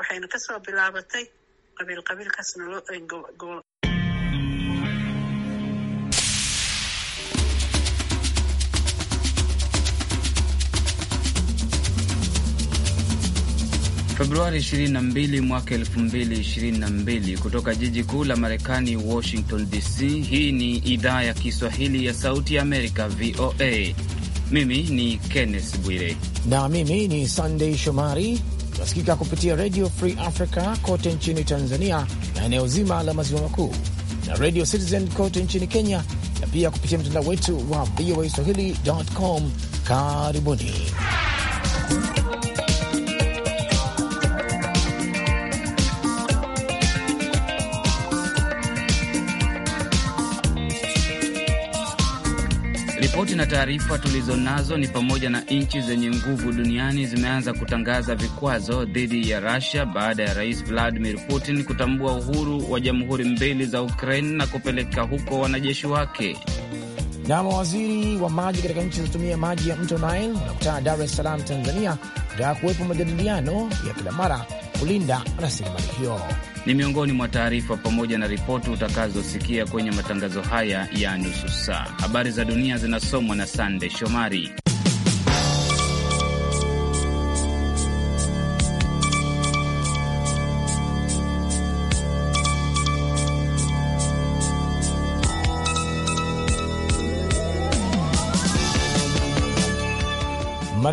waxayna kasoo bilaabatay qabiil qabiilkaasna loo Februari 22 mwaka 2022, kutoka jiji kuu la Marekani, Washington DC. Hii ni idhaa ya Kiswahili ya Sauti ya Amerika, VOA. Mimi ni Kenneth Bwire na mimi ni Sandei Shomari tunasikika kupitia Radio Free Africa kote nchini Tanzania na eneo zima la maziwa makuu na Radio Citizen kote nchini Kenya na pia kupitia mtandao wetu wa VOA Swahili.com. Karibuni. Ripoti na taarifa tulizo nazo ni pamoja na nchi zenye nguvu duniani zimeanza kutangaza vikwazo dhidi ya Russia baada ya Rais Vladimir Putin kutambua uhuru wa jamhuri mbili za Ukraine na kupeleka huko wanajeshi wake. Na mawaziri wa maji katika nchi zinazotumia maji ya mto Nile wanakutana Dar es Salaam, Tanzania, kutaka kuwepo majadiliano ya kila mara kulinda rasilimali hiyo. Ni miongoni mwa taarifa pamoja na ripoti utakazosikia kwenye matangazo haya ya nusu saa. Habari za dunia zinasomwa na Sande Shomari.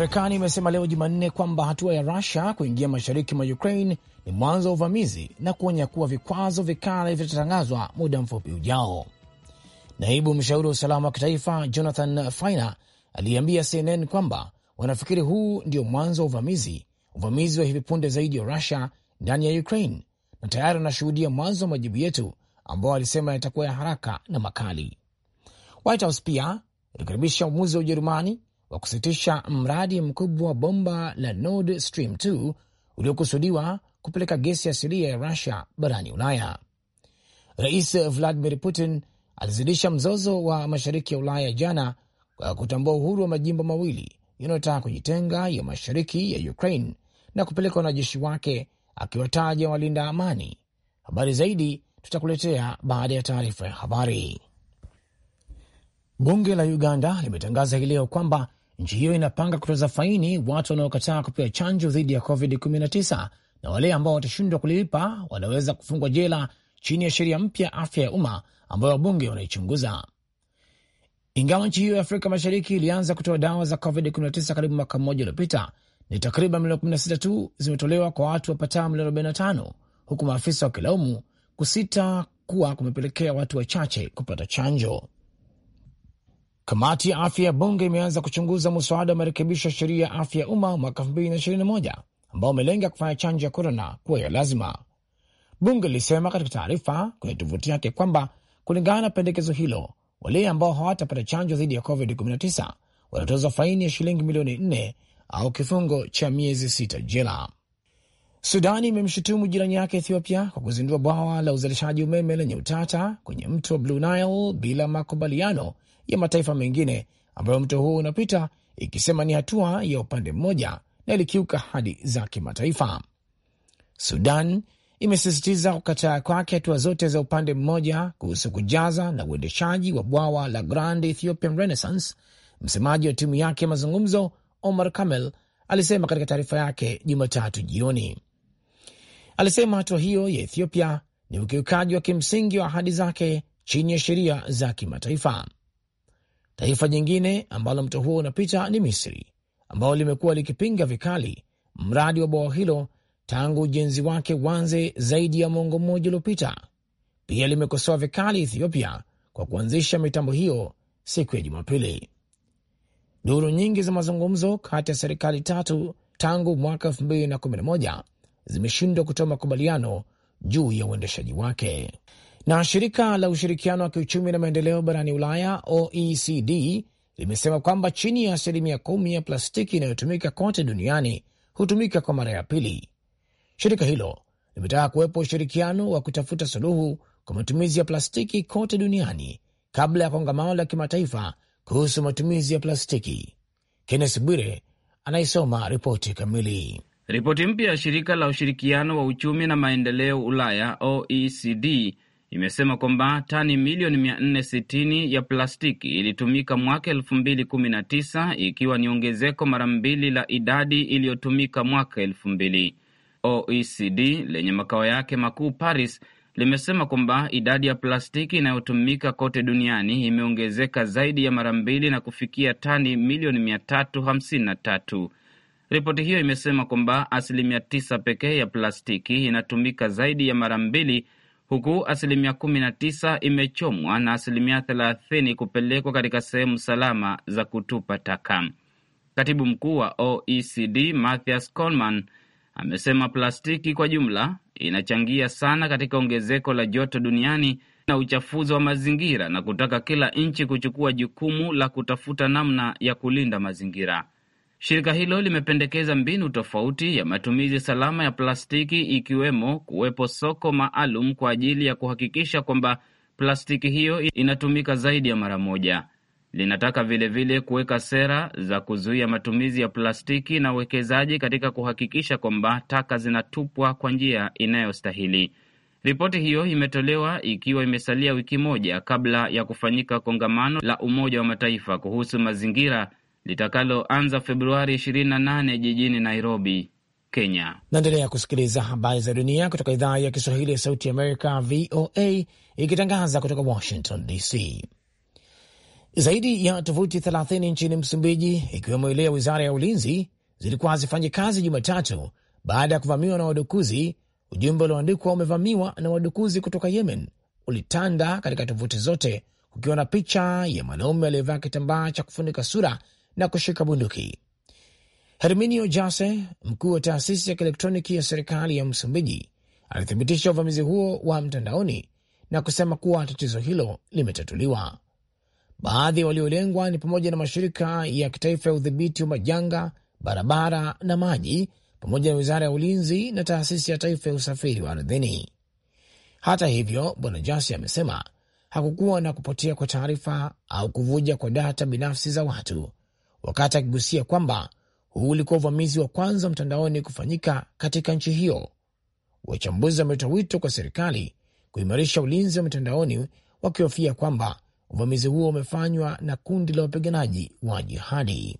Marekani imesema leo Jumanne kwamba hatua ya Rusia kuingia mashariki mwa Ukraine ni mwanzo wa uvamizi na kuonya kuwa vikwazo vikali vitatangazwa muda mfupi ujao. Naibu mshauri wa usalama wa kitaifa Jonathan Fainer aliambia CNN kwamba wanafikiri huu ndio mwanzo wa uvamizi, uvamizi wa hivi punde zaidi wa Rusia ndani ya Ukraine, na tayari wanashuhudia mwanzo wa majibu yetu ambao alisema yatakuwa ya haraka na makali. White House pia ilikaribisha uamuzi wa Ujerumani wa kusitisha mradi mkubwa wa bomba la Nord Stream 2 uliokusudiwa kupeleka gesi asilia ya Rusia barani Ulaya. Rais Vladimir Putin alizidisha mzozo wa mashariki ya Ulaya jana kwa kutambua uhuru wa majimbo mawili yanayotaka kujitenga ya mashariki ya Ukraine na kupeleka wanajeshi wake, akiwataja walinda amani. Habari zaidi tutakuletea baada ya taarifa ya habari. Bunge la Uganda limetangaza hii leo kwamba Nchi hiyo inapanga kutoza faini watu wanaokataa kupewa chanjo dhidi ya COVID-19 na wale ambao watashindwa kulipa wanaweza kufungwa jela chini ya sheria mpya ya afya ya umma ambayo wabunge wanaichunguza. Ingawa nchi hiyo ya Afrika Mashariki ilianza kutoa dawa za COVID-19 karibu mwaka mmoja uliopita, ni takriban milioni 16 tu zimetolewa kwa watu wapatao milioni 45, huku maafisa wakilaumu kusita kuwa kumepelekea watu wachache kupata chanjo. Kamati ya afya ya bunge imeanza kuchunguza muswada wa marekebisho ya sheria ya afya ya umma mwaka 2021 ambao umelenga kufanya chanjo ya korona kuwa ya lazima. Bunge lilisema katika taarifa kwenye tovuti yake kwamba kulingana na pendekezo hilo, wale ambao hawatapata chanjo dhidi ya covid-19 wanatozwa faini ya shilingi milioni nne au kifungo cha miezi sita jela. Sudani imemshutumu jirani yake Ethiopia kwa kuzindua bwawa la uzalishaji umeme lenye utata kwenye mto wa Blue Nile bila makubaliano ya mataifa mengine ambayo mto huo unapita, ikisema ni hatua ya upande mmoja na ilikiuka hadi za kimataifa. Sudan imesisitiza kukataa kwake hatua zote za upande mmoja kuhusu kujaza na uendeshaji wa bwawa la Grand Ethiopian Renaissance. Msemaji wa timu yake ya mazungumzo Omar Kamel alisema katika taarifa yake Jumatatu jioni, alisema hatua hiyo ya Ethiopia ni ukiukaji wa kimsingi wa ahadi zake chini ya sheria za kimataifa. Taifa jingine ambalo mto huo unapita ni Misri, ambalo limekuwa likipinga vikali mradi wa bwawa hilo tangu ujenzi wake wanze zaidi ya mwongo mmoja uliopita. Pia limekosoa vikali Ethiopia kwa kuanzisha mitambo hiyo siku ya Jumapili. Duru nyingi za mazungumzo kati ya serikali tatu tangu mwaka 2011 zimeshindwa kutoa makubaliano juu ya uendeshaji wake. Na shirika la ushirikiano wa kiuchumi na maendeleo barani Ulaya, OECD, limesema kwamba chini ya asilimia kumi ya plastiki inayotumika kote duniani hutumika kwa mara ya pili. Shirika hilo limetaka kuwepo ushirikiano wa kutafuta suluhu kwa matumizi ya plastiki kote duniani kabla ya kongamano la kimataifa kuhusu matumizi ya plastiki. Kennes Bwire anaisoma ripoti kamili. Ripoti mpya ya shirika la ushirikiano wa uchumi na maendeleo Ulaya, OECD, imesema kwamba tani milioni 460 ya plastiki ilitumika mwaka 2019 ikiwa ni ongezeko mara mbili la idadi iliyotumika mwaka 2000. OECD lenye makao yake makuu Paris limesema kwamba idadi ya plastiki inayotumika kote duniani imeongezeka zaidi ya mara mbili na kufikia tani milioni 353. Ripoti hiyo imesema kwamba asilimia 9 pekee ya plastiki inatumika zaidi ya mara mbili huku asilimia kumi na tisa imechomwa na asilimia thelathini kupelekwa katika sehemu salama za kutupa taka. Katibu mkuu wa OECD Mathias colman amesema plastiki kwa jumla inachangia sana katika ongezeko la joto duniani na uchafuzi wa mazingira na kutaka kila nchi kuchukua jukumu la kutafuta namna ya kulinda mazingira. Shirika hilo limependekeza mbinu tofauti ya matumizi salama ya plastiki ikiwemo kuwepo soko maalum kwa ajili ya kuhakikisha kwamba plastiki hiyo inatumika zaidi ya mara moja. Linataka vilevile kuweka sera za kuzuia matumizi ya plastiki na uwekezaji katika kuhakikisha kwamba taka zinatupwa kwa njia inayostahili. Ripoti hiyo imetolewa ikiwa imesalia wiki moja kabla ya kufanyika kongamano la Umoja wa Mataifa kuhusu mazingira litakaloanza Februari 28 jijini Nairobi, Kenya. Naendelea kusikiliza habari za dunia kutoka idhaa ya Kiswahili ya Sauti Amerika, VOA, ikitangaza kutoka Washington DC. Zaidi ya tovuti 30 nchini Msumbiji, ikiwemo ile ya wizara ya ulinzi, zilikuwa hazifanyi kazi Jumatatu baada ya kuvamiwa na wadukuzi. Ujumbe ulioandikwa umevamiwa na wadukuzi kutoka Yemen ulitanda katika tovuti zote, kukiwa na picha ya mwanaume aliyevaa kitambaa cha kufunika sura na kushika bunduki. Herminio Jase, mkuu wa taasisi ya kielektroniki ya serikali ya Msumbiji, alithibitisha uvamizi huo wa mtandaoni na kusema kuwa tatizo hilo limetatuliwa. Baadhi waliolengwa ni pamoja na mashirika ya kitaifa ya udhibiti wa majanga, barabara na maji, pamoja na wizara ya ulinzi na taasisi ya taifa ya usafiri wa ardhini. Hata hivyo, bwana Jasi amesema hakukuwa na kupotea kwa taarifa au kuvuja kwa data binafsi za watu wakati akigusia kwamba huu ulikuwa uvamizi wa kwanza mtandaoni kufanyika katika nchi hiyo. Wachambuzi wametoa wito kwa serikali kuimarisha ulinzi wa mitandaoni, wakihofia kwamba uvamizi huo umefanywa na kundi la wapiganaji wa jihadi.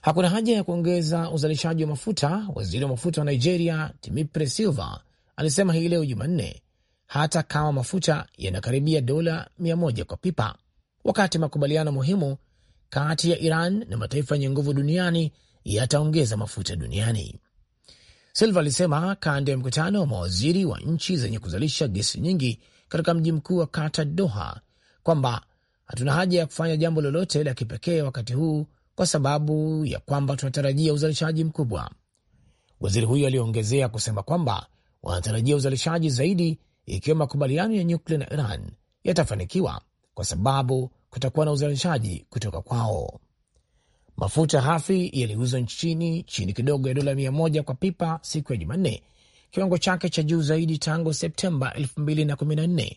Hakuna haja ya kuongeza uzalishaji wa mafuta, waziri wa mafuta wa Nigeria Timipre Silva alisema hii leo Jumanne, hata kama mafuta yanakaribia dola 100 kwa pipa, wakati makubaliano muhimu kati ya Iran na mataifa yenye nguvu duniani yataongeza mafuta duniani. Silva alisema kando ya mkutano wa mawaziri wa nchi zenye kuzalisha gesi nyingi katika mji mkuu wa Qatar, Doha, kwamba hatuna haja ya kufanya jambo lolote la kipekee wakati huu kwa sababu ya kwamba tunatarajia uzalishaji mkubwa. Waziri huyo aliongezea kusema kwamba wanatarajia uzalishaji zaidi ikiwa makubaliano ya nyuklia na Iran yatafanikiwa, kwa sababu kutakuwa na uzalishaji kutoka kwao. Mafuta hafi yaliuzwa nchini chini kidogo ya dola mia moja kwa pipa siku ya Jumanne, kiwango chake cha juu zaidi tangu Septemba 2014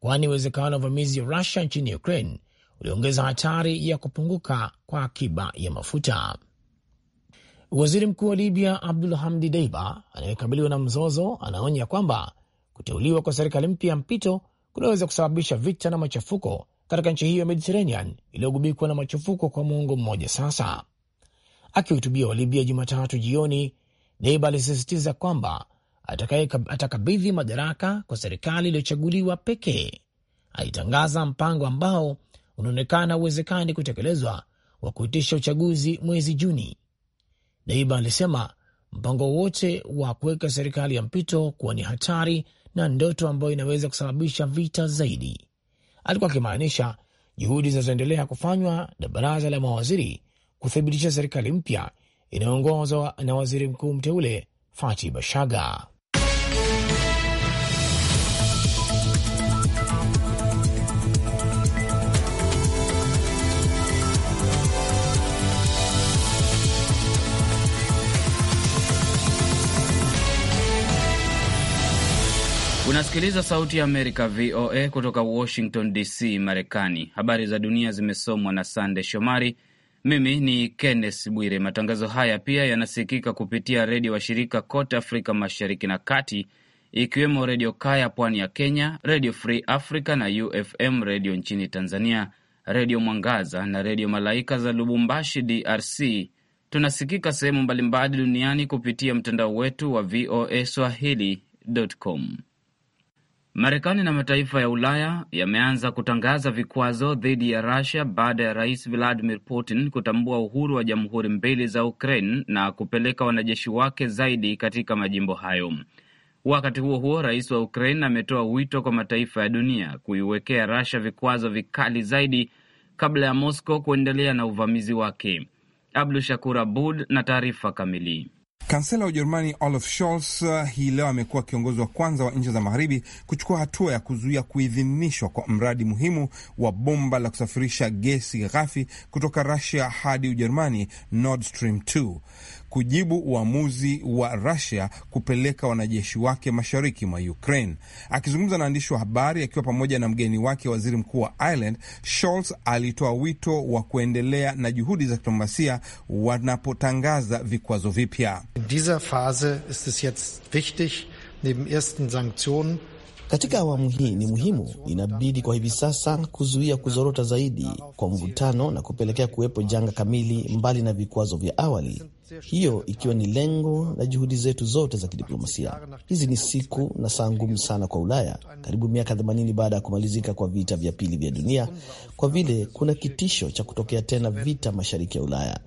kwani uwezekano wa uvamizi wa Rusia nchini Ukraine uliongeza hatari ya kupunguka kwa akiba ya mafuta. Waziri mkuu wa Libya Abdul Hamdi Deiba anayekabiliwa na mzozo anaonya kwamba kuteuliwa kwa serikali mpya ya mpito kunaweza kusababisha vita na machafuko katika nchi hiyo ya Mediterranean iliyogubikwa na machafuko kwa muongo mmoja sasa. Akihutubia Walibia Jumatatu jioni, Neiba alisisitiza kwamba atakabidhi madaraka kwa serikali iliyochaguliwa pekee. Alitangaza mpango ambao unaonekana uwezekani kutekelezwa wa kuitisha uchaguzi mwezi Juni. Neiba alisema mpango wote wa kuweka serikali ya mpito kuwa ni hatari na ndoto ambayo inaweza kusababisha vita zaidi alikuwa akimaanisha juhudi zinazoendelea kufanywa na baraza la mawaziri kuthibitisha serikali mpya inayoongozwa na waziri mkuu mteule Fati Bashaga. Unasikiliza Sauti ya Amerika, VOA, kutoka Washington DC, Marekani. Habari za dunia zimesomwa na Sande Shomari. Mimi ni Kenneth Bwire. Matangazo haya pia yanasikika kupitia redio washirika kote Afrika Mashariki na Kati, ikiwemo Redio Kaya pwani ya Kenya, Redio Free Africa na UFM Redio nchini Tanzania, Redio Mwangaza na Redio Malaika za Lubumbashi, DRC. Tunasikika sehemu mbalimbali duniani kupitia mtandao wetu wa VOA swahili.com. Marekani na mataifa ya Ulaya yameanza kutangaza vikwazo dhidi ya Russia baada ya Rais Vladimir Putin kutambua uhuru wa jamhuri mbili za Ukraine na kupeleka wanajeshi wake zaidi katika majimbo hayo. Wakati huo huo, rais wa Ukraine ametoa wito kwa mataifa ya dunia kuiwekea rasha vikwazo vikali zaidi kabla ya Moscow kuendelea na uvamizi wake. Abdu Shakur Abud na taarifa kamili. Kansela wa Ujerumani Olaf Scholz eh, hii leo amekuwa kiongozi wa kwanza wa nchi za magharibi kuchukua hatua ya kuzuia kuidhinishwa kwa mradi muhimu wa bomba la kusafirisha gesi ghafi kutoka rasia hadi Ujerumani, Nord Stream 2 kujibu uamuzi wa Rusia kupeleka wanajeshi wake mashariki mwa Ukraine. Akizungumza na waandishi wa habari akiwa pamoja na mgeni wake waziri mkuu wa Ireland, Scholz alitoa wito wa kuendelea na juhudi za kidiplomasia wanapotangaza vikwazo vipya. In dieser phase ist es jetzt wichtig neben ersten sanktionen katika awamu hii ni muhimu, inabidi kwa hivi sasa kuzuia kuzorota zaidi kwa mvutano na kupelekea kuwepo janga kamili, mbali na vikwazo vya awali, hiyo ikiwa ni lengo na juhudi zetu zote za kidiplomasia. Hizi ni siku na saa ngumu sana kwa Ulaya, karibu miaka 80 baada ya kumalizika kwa vita vya pili vya dunia, kwa vile kuna kitisho cha kutokea tena vita mashariki ya Ulaya.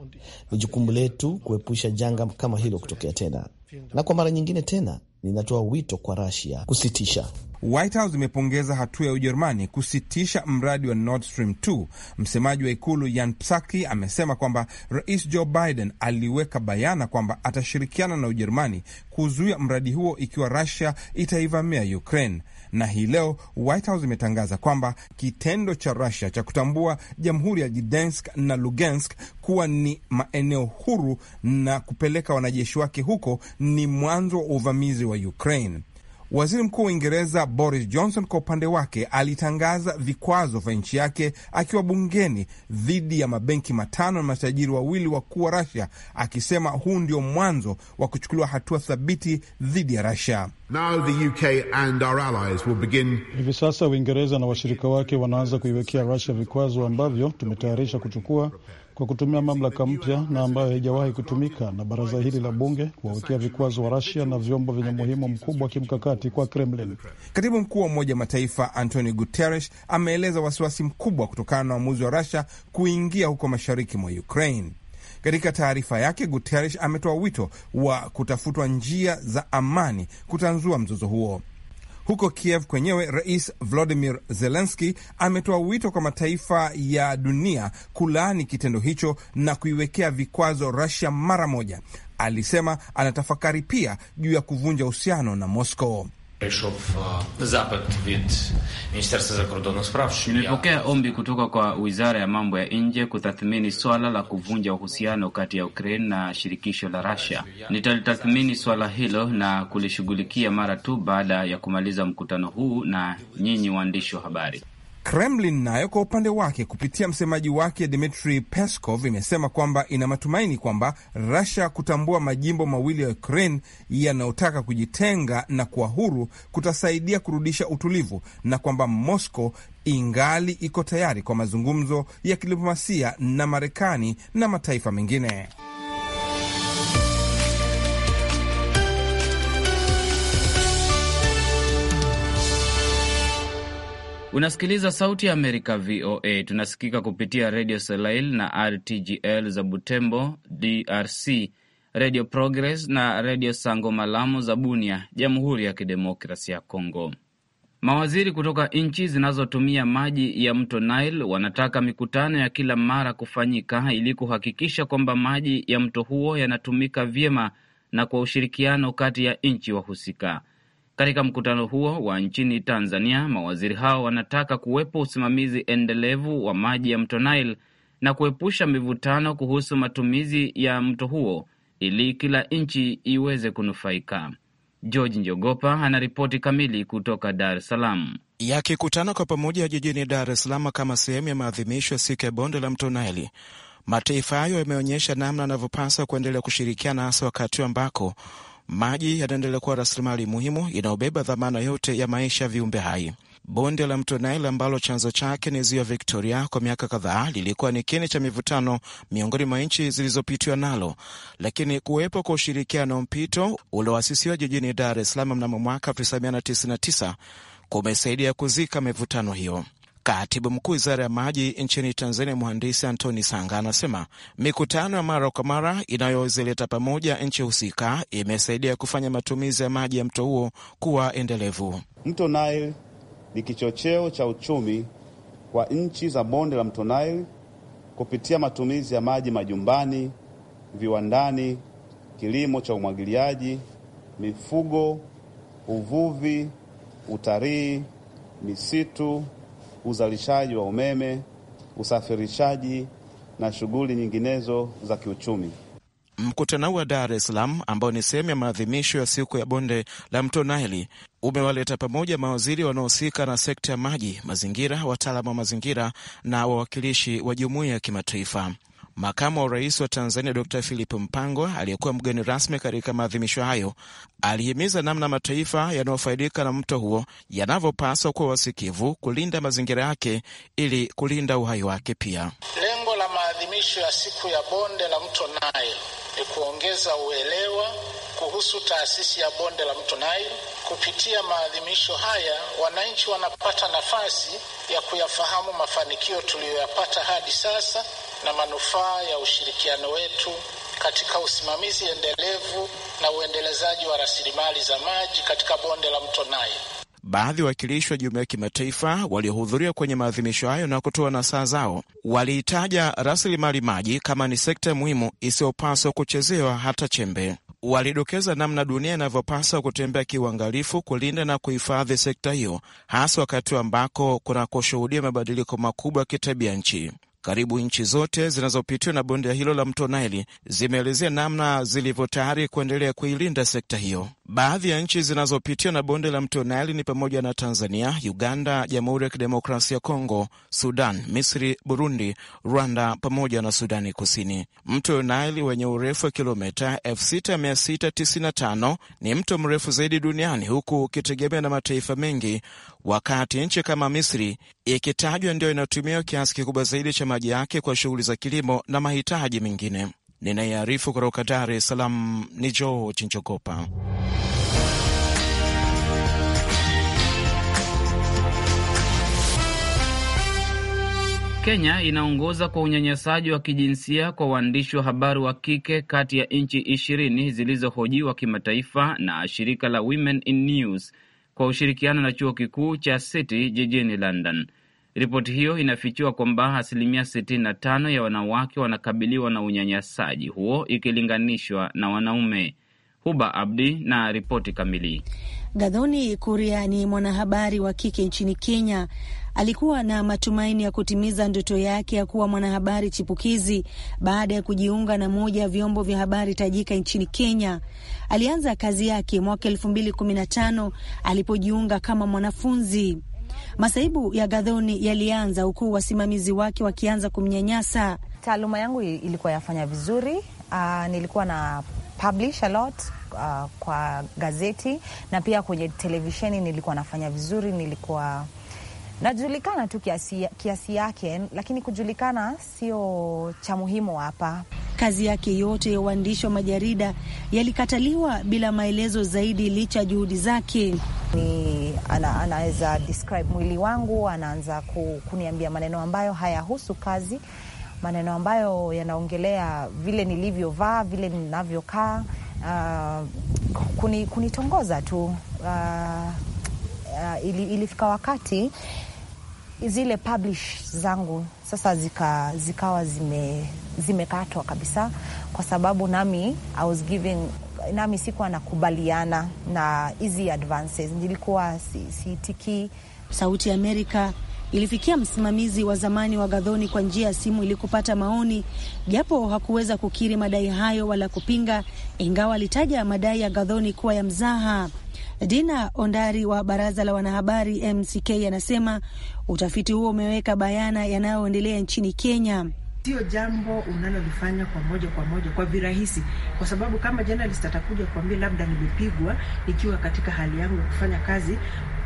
Ni jukumu letu kuepusha janga kama hilo kutokea tena, na kwa mara nyingine tena ninatoa wito kwa Russia kusitisha White House imepongeza hatua ya Ujerumani kusitisha mradi wa Nord Stream 2. Msemaji wa ikulu Jan Psaki amesema kwamba Rais Joe Biden aliweka bayana kwamba atashirikiana na Ujerumani kuzuia mradi huo ikiwa Russia itaivamia Ukraine. Na hii leo White House imetangaza kwamba kitendo cha Russia cha kutambua jamhuri ya Gdansk na Lugansk kuwa ni maeneo huru na kupeleka wanajeshi wake huko ni mwanzo wa uvamizi wa Ukraine. Waziri Mkuu wa Uingereza Boris Johnson kwa upande wake alitangaza vikwazo vya nchi yake akiwa bungeni dhidi ya mabenki matano na matajiri wawili wakuu wa rasia akisema huu ndio mwanzo wa kuchukuliwa hatua thabiti dhidi ya rasia Hivi sasa Uingereza na washirika wake wanaanza kuiwekea rasia vikwazo ambavyo tumetayarisha kuchukua kwa kutumia mamlaka mpya na ambayo haijawahi kutumika na baraza hili la bunge kuwawekea vikwazo wa Rasia na vyombo vyenye muhimu mkubwa wa kimkakati kwa Kremlin. Katibu mkuu wa Umoja Mataifa Antonio Guterres ameeleza wasiwasi mkubwa kutokana na uamuzi wa Rasia kuingia huko mashariki mwa Ukraine. Katika taarifa yake Guterres ametoa wito wa kutafutwa njia za amani kutanzua mzozo huo. Huko Kiev kwenyewe, Rais Volodymyr Zelensky ametoa wito kwa mataifa ya dunia kulaani kitendo hicho na kuiwekea vikwazo Russia mara moja. Alisema anatafakari pia juu ya kuvunja uhusiano na Moscow. Прийшов запит від Міністерства закордонних справ. Nimepokea ombi kutoka kwa Wizara ya Mambo ya Nje kutathmini swala la kuvunja uhusiano kati ya Ukraine na shirikisho la Russia. Nitalitathmini swala hilo na kulishughulikia mara tu baada ya kumaliza mkutano huu na nyinyi waandishi wa habari. Kremlin nayo kwa upande wake kupitia msemaji wake Dmitri Peskov imesema kwamba ina matumaini kwamba rasia kutambua majimbo mawili ya Ukraine yanayotaka kujitenga na kuwa huru kutasaidia kurudisha utulivu na kwamba Moscow ingali iko tayari kwa mazungumzo ya kidiplomasia na Marekani na mataifa mengine. Unasikiliza Sauti ya Amerika, VOA. Tunasikika kupitia Redio Selail na RTGL za Butembo, DRC, Redio Progress na Redio Sango Malamu za Bunia, Jamhuri ya Kidemokrasi ya Kongo. Mawaziri kutoka nchi zinazotumia maji ya mto Nile wanataka mikutano ya kila mara kufanyika ili kuhakikisha kwamba maji ya mto huo yanatumika vyema na kwa ushirikiano kati ya nchi wahusika. Katika mkutano huo wa nchini Tanzania, mawaziri hao wanataka kuwepo usimamizi endelevu wa maji ya mto Nile na kuepusha mivutano kuhusu matumizi ya mto huo ili kila nchi iweze kunufaika. George Njogopa anaripoti kamili kutoka Dar es Salaam. Yakikutana kwa pamoja jijini Dar es Salaam kama sehemu ya maadhimisho ya siku ya bonde la mto Naili, mataifa hayo yameonyesha namna yanavyopaswa kuendelea kushirikiana, hasa wakati ambako Maji yanaendelea kuwa rasilimali muhimu inayobeba dhamana yote ya maisha ya viumbe hai. Bonde la mto Nile ambalo chanzo chake ni ziwa Victoria kwa miaka kadhaa lilikuwa ni kini cha mivutano miongoni mwa nchi zilizopitiwa nalo, lakini kuwepo kwa ushirikiano mpito ulioasisiwa jijini Dar es Salaam mnamo mwaka 1999 kumesaidia kuzika mivutano hiyo. Katibu mkuu wizara ya maji nchini Tanzania, mhandisi Antoni Sanga, anasema mikutano ya mara kwa mara inayozileta pamoja nchi husika imesaidia kufanya matumizi ya maji ya mto huo kuwa endelevu. Mto Nile ni kichocheo cha uchumi kwa nchi za bonde la mto Nile kupitia matumizi ya maji majumbani, viwandani, kilimo cha umwagiliaji, mifugo, uvuvi, utalii, misitu uzalishaji wa umeme, usafirishaji na shughuli nyinginezo za kiuchumi. Mkutano wa Dar es Salaam ambao ni sehemu ya maadhimisho ya siku ya bonde la mto Naili umewaleta pamoja mawaziri wanaohusika na sekta ya maji, mazingira, wataalamu wa mazingira na wawakilishi wa jumuiya ya kimataifa. Makamu wa rais wa Tanzania Dr Philip Mpango, aliyekuwa mgeni rasmi katika maadhimisho hayo, alihimiza namna mataifa yanayofaidika na mto huo yanavyopaswa kuwa wasikivu kulinda mazingira yake ili kulinda uhai wake. Pia lengo la maadhimisho ya siku ya bonde la mto Nile ni kuongeza uelewa kuhusu taasisi ya bonde la mto Nile. Kupitia maadhimisho haya, wananchi wanapata nafasi ya kuyafahamu mafanikio tuliyoyapata hadi sasa na manufaa ya ushirikiano wetu katika usimamizi endelevu na uendelezaji wa rasilimali za maji katika bonde la mto Nile. Baadhi ya wawakilishi wa jumuiya ya kimataifa waliohudhuria kwenye maadhimisho hayo na kutoa nasaha zao waliitaja rasilimali maji kama ni sekta muhimu isiyopaswa kuchezewa hata chembe. Walidokeza namna dunia inavyopaswa kutembea kiuangalifu kulinda na kuhifadhi sekta hiyo, hasa wakati ambako kunakoshuhudia mabadiliko makubwa ya kitabia nchi. Karibu nchi zote zinazopitiwa na bonde hilo la mto Naili zimeelezea namna zilivyo tayari kuendelea kuilinda sekta hiyo. Baadhi ya nchi zinazopitiwa na bonde la mto Naili ni pamoja na Tanzania, Uganda, Jamhuri ya Kidemokrasia ya Kongo, Sudan, Misri, Burundi, Rwanda pamoja na Sudani Kusini. Mto Naili wenye urefu wa kilomita 6695 ni mto mrefu zaidi duniani, huku ukitegemea na mataifa mengi wakati nchi kama Misri ikitajwa ndio inayotumia kiasi kikubwa zaidi cha maji yake kwa shughuli za kilimo na mahitaji mengine. Ninayearifu kutoka Dar es Salaam ni George Njogopa. Kenya inaongoza kwa unyanyasaji wa kijinsia kwa waandishi wa habari wa kike kati ya nchi ishirini zilizohojiwa kimataifa na shirika la Women in News kwa ushirikiano na chuo kikuu cha City jijini London. Ripoti hiyo inafichua kwamba asilimia 65 ya wanawake wanakabiliwa na unyanyasaji huo ikilinganishwa na wanaume. Huba Abdi na ripoti kamili. Gadhoni Kuria ni mwanahabari wa kike nchini Kenya alikuwa na matumaini ya kutimiza ndoto yake ya kuwa mwanahabari chipukizi baada ya kujiunga na moja ya vyombo vya habari tajika nchini Kenya. Alianza kazi yake mwaka elfu mbili kumi na tano alipojiunga kama mwanafunzi. Masaibu ya Gadhoni yalianza huku wasimamizi wake wakianza kumnyanyasa. Taaluma yangu ilikuwa yafanya vizuri. Uh, nilikuwa na publish a lot uh, kwa gazeti na pia kwenye televisheni nilikuwa nafanya vizuri, nilikuwa najulikana tu kiasi, kiasi yake, lakini kujulikana sio cha muhimu hapa. Kazi yake yote ya uandishi wa majarida yalikataliwa bila maelezo zaidi, licha ya juhudi zake. Ni ana, anaweza describe mwili wangu, anaanza ku, kuniambia maneno ambayo hayahusu kazi, maneno ambayo yanaongelea vile nilivyovaa, vile ninavyokaa, uh, kuni, kunitongoza tu uh, uh, ili, ilifika wakati zile publish zangu sasa zika, zikawa zimekatwa kabisa, kwa sababu nami I was giving nami sikuwa nakubaliana na hizi advances, nilikuwa Si Sauti ya Amerika ilifikia msimamizi wa zamani wa Gadhoni kwa njia ya simu ili kupata maoni, japo hakuweza kukiri madai hayo wala kupinga, ingawa alitaja madai ya Gadhoni kuwa ya mzaha. Dina Ondari wa baraza la wanahabari MCK anasema utafiti huo umeweka bayana yanayoendelea nchini Kenya. Sio jambo unalolifanya kwa moja kwa moja kwa virahisi, kwa sababu kama journalist atakuja kuambia labda nimepigwa nikiwa katika hali yangu ya kufanya kazi,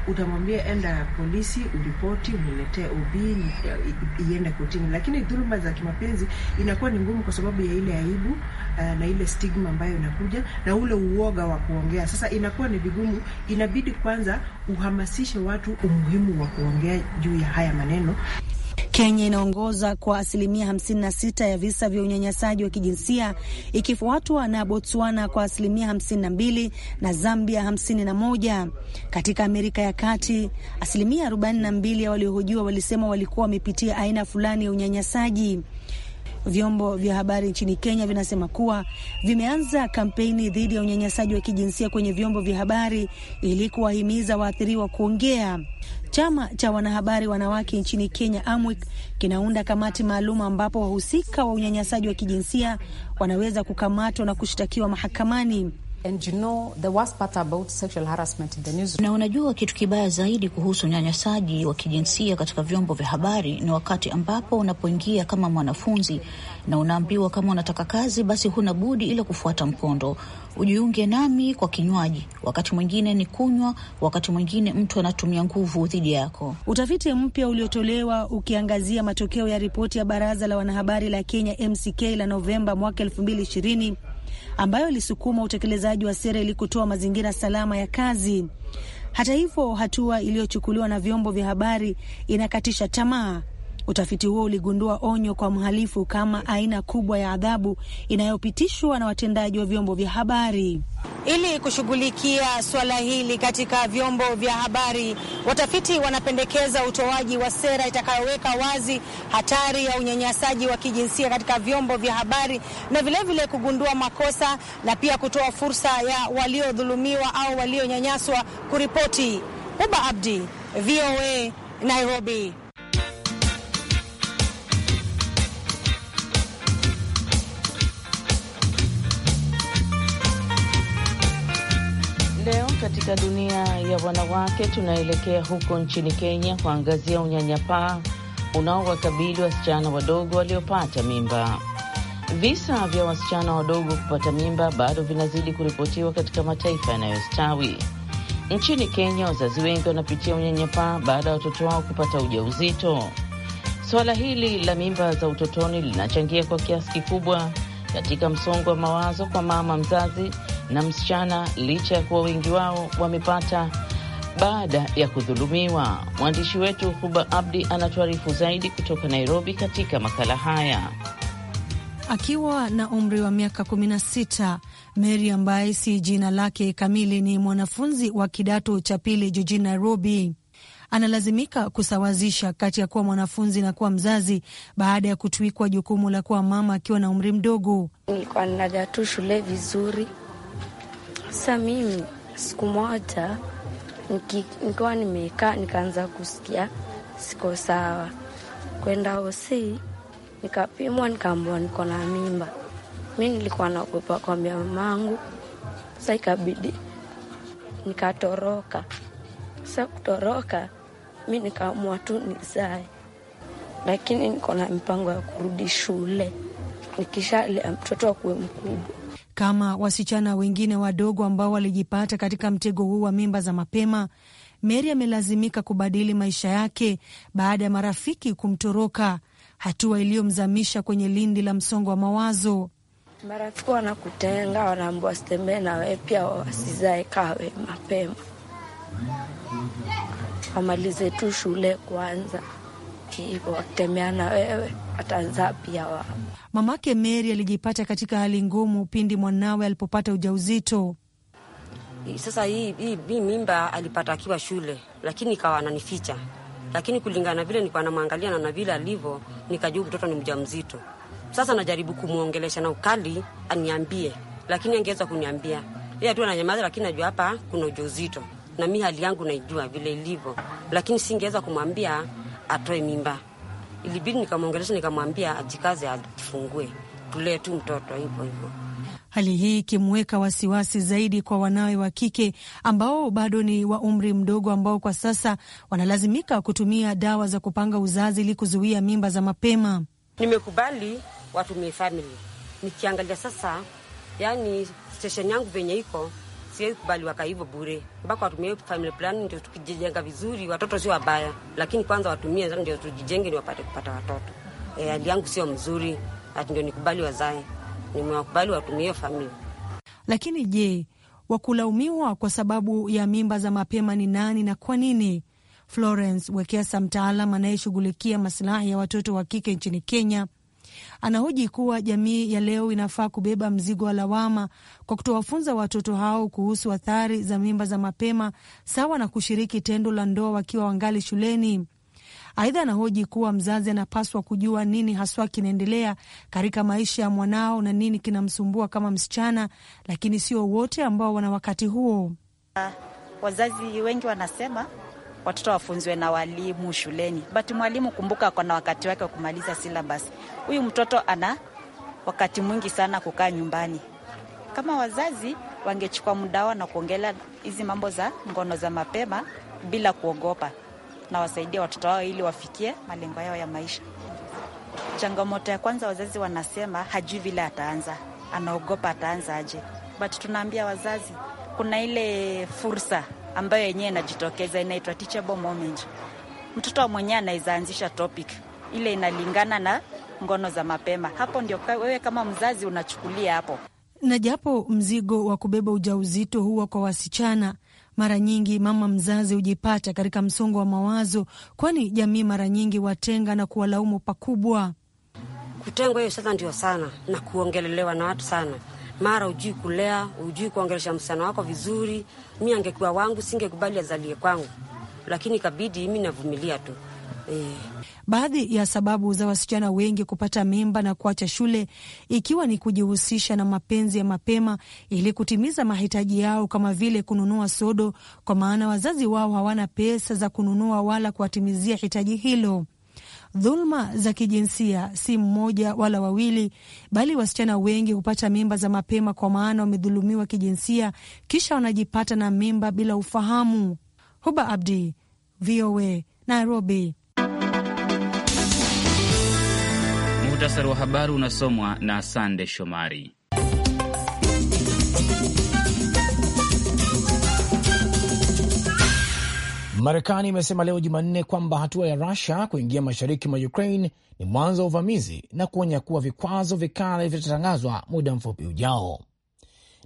utamwambia enda polisi, uripoti, uniletee OB iende kotini. Lakini dhuluma za kimapenzi inakuwa ni ngumu kwa sababu ya ile aibu uh, na ile stigma ambayo inakuja na ule uoga wa kuongea. Sasa inakuwa ni vigumu, inabidi kwanza uhamasishe watu umuhimu wa kuongea juu ya haya maneno. Kenya inaongoza kwa asilimia 56 ya visa vya unyanyasaji wa kijinsia ikifuatwa na Botswana kwa asilimia 52 na Zambia 51. Katika Amerika ya Kati, asilimia 42 ya waliohojiwa walisema walikuwa wamepitia aina fulani ya unyanyasaji. Vyombo vya habari nchini Kenya vinasema kuwa vimeanza kampeni dhidi ya unyanyasaji wa kijinsia kwenye vyombo vya habari ili kuwahimiza waathiriwa kuongea. Chama cha wanahabari wanawake nchini Kenya, AMWIK, kinaunda kamati maalum ambapo wahusika wa unyanyasaji wa kijinsia wanaweza kukamatwa na kushtakiwa mahakamani. Na unajua kitu kibaya zaidi kuhusu unyanyasaji wa kijinsia katika vyombo vya habari ni wakati ambapo unapoingia kama mwanafunzi na unaambiwa kama unataka kazi, basi huna budi ila kufuata mkondo, ujiunge nami kwa kinywaji, wakati mwingine ni kunywa, wakati mwingine mtu anatumia nguvu dhidi yako. Utafiti mpya uliotolewa ukiangazia matokeo ya ripoti ya baraza la wanahabari la Kenya MCK la Novemba mwaka elfu mbili ishirini ambayo ilisukuma utekelezaji wa sera ili kutoa mazingira salama ya kazi. Hata hivyo, hatua iliyochukuliwa na vyombo vya habari inakatisha tamaa Utafiti huo uligundua onyo kwa mhalifu kama aina kubwa ya adhabu inayopitishwa na watendaji wa vyombo vya habari. Ili kushughulikia suala hili katika vyombo vya habari, watafiti wanapendekeza utoaji wa sera itakayoweka wazi hatari ya unyanyasaji wa kijinsia katika vyombo vya habari na vilevile vile kugundua makosa na pia kutoa fursa ya waliodhulumiwa au walionyanyaswa kuripoti. Uba Abdi, VOA, Nairobi. Leo katika dunia ya wanawake, tunaelekea huko nchini Kenya kuangazia unyanyapaa unaowakabili wasichana wadogo waliopata mimba. Visa vya wasichana wadogo kupata mimba bado vinazidi kuripotiwa katika mataifa yanayostawi. Nchini Kenya, wazazi wengi wanapitia unyanyapaa baada ya watoto wao kupata ujauzito. Suala hili la mimba za utotoni linachangia kwa kiasi kikubwa katika msongo wa mawazo kwa mama mzazi na msichana licha ya kuwa wengi wao wamepata baada ya kudhulumiwa. Mwandishi wetu Huba Abdi anatuarifu zaidi kutoka Nairobi katika makala haya. Akiwa na umri wa miaka 16, Mary ambaye si jina lake kamili ni mwanafunzi wa kidato cha pili jijini Nairobi analazimika kusawazisha kati ya kuwa mwanafunzi na kuwa mzazi baada ya kutwikwa jukumu la kuwa mama akiwa na umri mdogo. Nilikuwa ninaja tu shule vizuri, sasa mimi siku moja nikiwa nimekaa nikaanza kusikia siko sawa, kwenda hosi nikapimwa, nikaambiwa niko na mimba. Mi nilikuwa naogopa kwambia mamangu, sa ikabidi nikatoroka. sa kutoroka, mi nikaamua tu nizae, lakini niko na mipango ya kurudi shule nikishalea mtoto akuwe mkubwa kama wasichana wengine wadogo ambao walijipata katika mtego huu wa mimba za mapema. Mary amelazimika kubadili maisha yake baada ya marafiki kumtoroka, hatua iliyomzamisha kwenye lindi la msongo wa mawazo. Marafiki wanakutenga, wanaambua wasitembee nawe, pia wasizae kawe mapema, wamalize tu shule kwanza, hivyo wakitembea na wewe watazaa pia wao. Mamake Mary alijipata katika hali ngumu pindi mwanawe alipopata ujauzito. Sasa hii, hii, hii mimba alipata akiwa shule, lakini ikawa ananificha, lakini kulingana na vile nilikuwa namwangalia na vile alivyo, nikajua mtoto ni mjamzito. Sasa najaribu kumwongelesha na ukali aniambie, lakini angeweza kuniambia yeye tu ananyamaza, lakini najua hapa kuna ujauzito na mi hali yangu naijua vile ilivyo, lakini singeweza kumwambia atoe mimba ilibidi nikamwongelesha, nikamwambia ajikaze, ajifungue, tulee tu mtoto hivyo hivyo. Hali hii ikimweka wasiwasi zaidi kwa wanawe wa kike ambao bado ni wa umri mdogo, ambao kwa sasa wanalazimika kutumia dawa za kupanga uzazi ili kuzuia mimba za mapema. Nimekubali watumie famili nikiangalia sasa, yani stesheni yangu venye iko Siwezi kubali waka hivyo bure, mpaka watumie family plan ndio tukijijenga vizuri. Watoto sio wabaya, lakini kwanza watumie ndio tujijenge, ni wapate kupata watoto. E, hali yangu sio mzuri, ati ndio nikubali wazae, nimewakubali watumie family. Lakini je, wakulaumiwa kwa sababu ya mimba za mapema ni nani na kwa nini? Florence Wekesa, mtaalam anayeshughulikia masilahi ya watoto wa kike nchini Kenya, Anahoji kuwa jamii ya leo inafaa kubeba mzigo wa lawama kwa kutowafunza watoto hao kuhusu athari za mimba za mapema sawa na kushiriki tendo la ndoa wakiwa wangali shuleni. Aidha, anahoji kuwa mzazi anapaswa kujua nini haswa kinaendelea katika maisha ya mwanao na nini kinamsumbua kama msichana, lakini sio wote ambao wana wakati huo. Uh, wazazi wengi wanasema watoto wafunzwe na walimu shuleni, but mwalimu kumbuka, ako na wakati wake wa kumaliza silabasi. Huyu mtoto ana wakati mwingi sana kukaa nyumbani. Kama wazazi wangechukua muda wao na kuongelea hizi mambo za ngono za mapema bila kuogopa, na wasaidia watoto wao ili wafikie malengo yao ya maisha. Changamoto ya kwanza, wazazi wanasema hajui vile ataanza, anaogopa ataanza aje, but tunaambia wazazi kuna ile fursa ambayo yenyewe inajitokeza inaitwa teachable moment. Mtoto mwenyewe anaweza anzisha topic ile inalingana na ngono za mapema. Hapo ndio wewe kama mzazi unachukulia hapo. Na japo mzigo wa kubeba ujauzito huwa kwa wasichana mara nyingi mama mzazi hujipata katika msongo wa mawazo, kwani jamii mara nyingi watenga na kuwalaumu pakubwa. Kutengwa hiyo sasa ndio sana na kuongelelewa na watu sana mara ujui kulea, ujui kuongelesha msichana wako vizuri. Mi angekuwa wangu singekubali azalie kwangu, lakini kabidi mi navumilia tu. Eh. Baadhi ya sababu za wasichana wengi kupata mimba na kuacha shule ikiwa ni kujihusisha na mapenzi ya mapema ili kutimiza mahitaji yao kama vile kununua sodo, kwa maana wazazi wao hawana pesa za kununua wala kuwatimizia hitaji hilo. Dhuluma za kijinsia si mmoja wala wawili, bali wasichana wengi hupata mimba za mapema kwa maana wamedhulumiwa kijinsia, kisha wanajipata na mimba bila ufahamu. Huba Abdi, VOA, Nairobi. Muhtasari wa habari unasomwa na Sande Shomari. Marekani imesema leo Jumanne kwamba hatua ya Rusia kuingia mashariki mwa Ukraine ni mwanzo wa uvamizi na kuonya kuwa vikwazo vikali vitatangazwa muda mfupi ujao.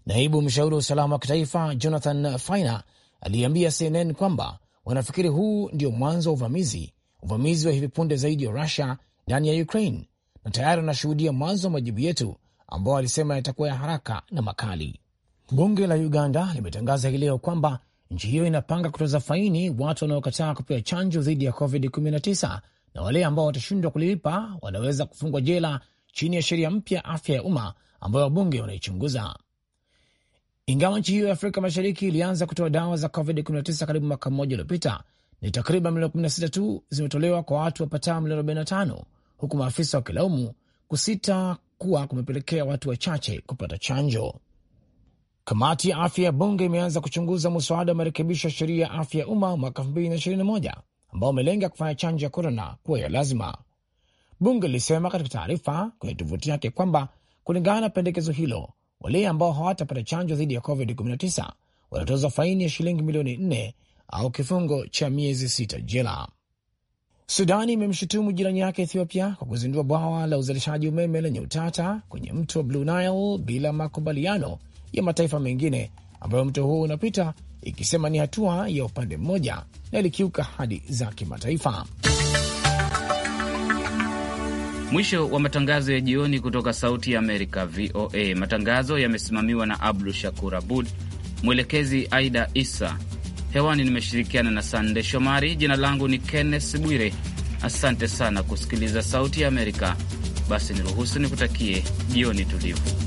Naibu mshauri wa usalama wa kitaifa Jonathan finer aliambia CNN kwamba wanafikiri huu ndio mwanzo wa uvamizi, uvamizi wa hivi punde zaidi wa Rusia ndani ya Ukraine, na tayari wanashuhudia mwanzo wa majibu yetu ambao alisema yatakuwa ya haraka na makali. Bunge la Uganda limetangaza hii leo kwamba Nchi hiyo inapanga kutoza faini watu wanaokataa kupewa chanjo dhidi ya COVID-19 na wale ambao watashindwa kulilipa wanaweza kufungwa jela chini ya sheria mpya afya ya umma ambayo wabunge wanaichunguza. Ingawa nchi hiyo ya Afrika Mashariki ilianza kutoa dawa za COVID-19 karibu mwaka mmoja uliopita, ni takriban milioni 16 tu zimetolewa kwa watu wapatao milioni 45, huku maafisa wakilaumu kusita kuwa kumepelekea watu wachache kupata chanjo. Kamati ya afya ya bunge imeanza kuchunguza muswada wa marekebisho ya sheria ya afya ya umma mwaka 2021 ambao umelenga kufanya chanjo ya korona kuwa ya lazima. Bunge lilisema katika taarifa kwenye tovuti yake kwamba kulingana na pendekezo hilo, wale ambao hawatapata chanjo dhidi ya covid-19 watatozwa faini ya shilingi milioni nne au kifungo cha miezi sita jela. Sudani imemshutumu jirani yake Ethiopia kwa kuzindua bwawa la uzalishaji umeme lenye utata kwenye mto Blue Nile bila makubaliano ya mataifa mengine ambayo mto huo unapita, ikisema ni hatua ya upande mmoja na ilikiuka hadi za kimataifa. Mwisho wa matangazo ya jioni kutoka Sauti ya Amerika, VOA. Matangazo yamesimamiwa na Abdu Shakur Abud, mwelekezi Aida Isa. Hewani nimeshirikiana na Sande Shomari. Jina langu ni Kenneth Bwire. Asante sana kusikiliza Sauti ya Amerika. Basi niruhusu nikutakie jioni tulivu.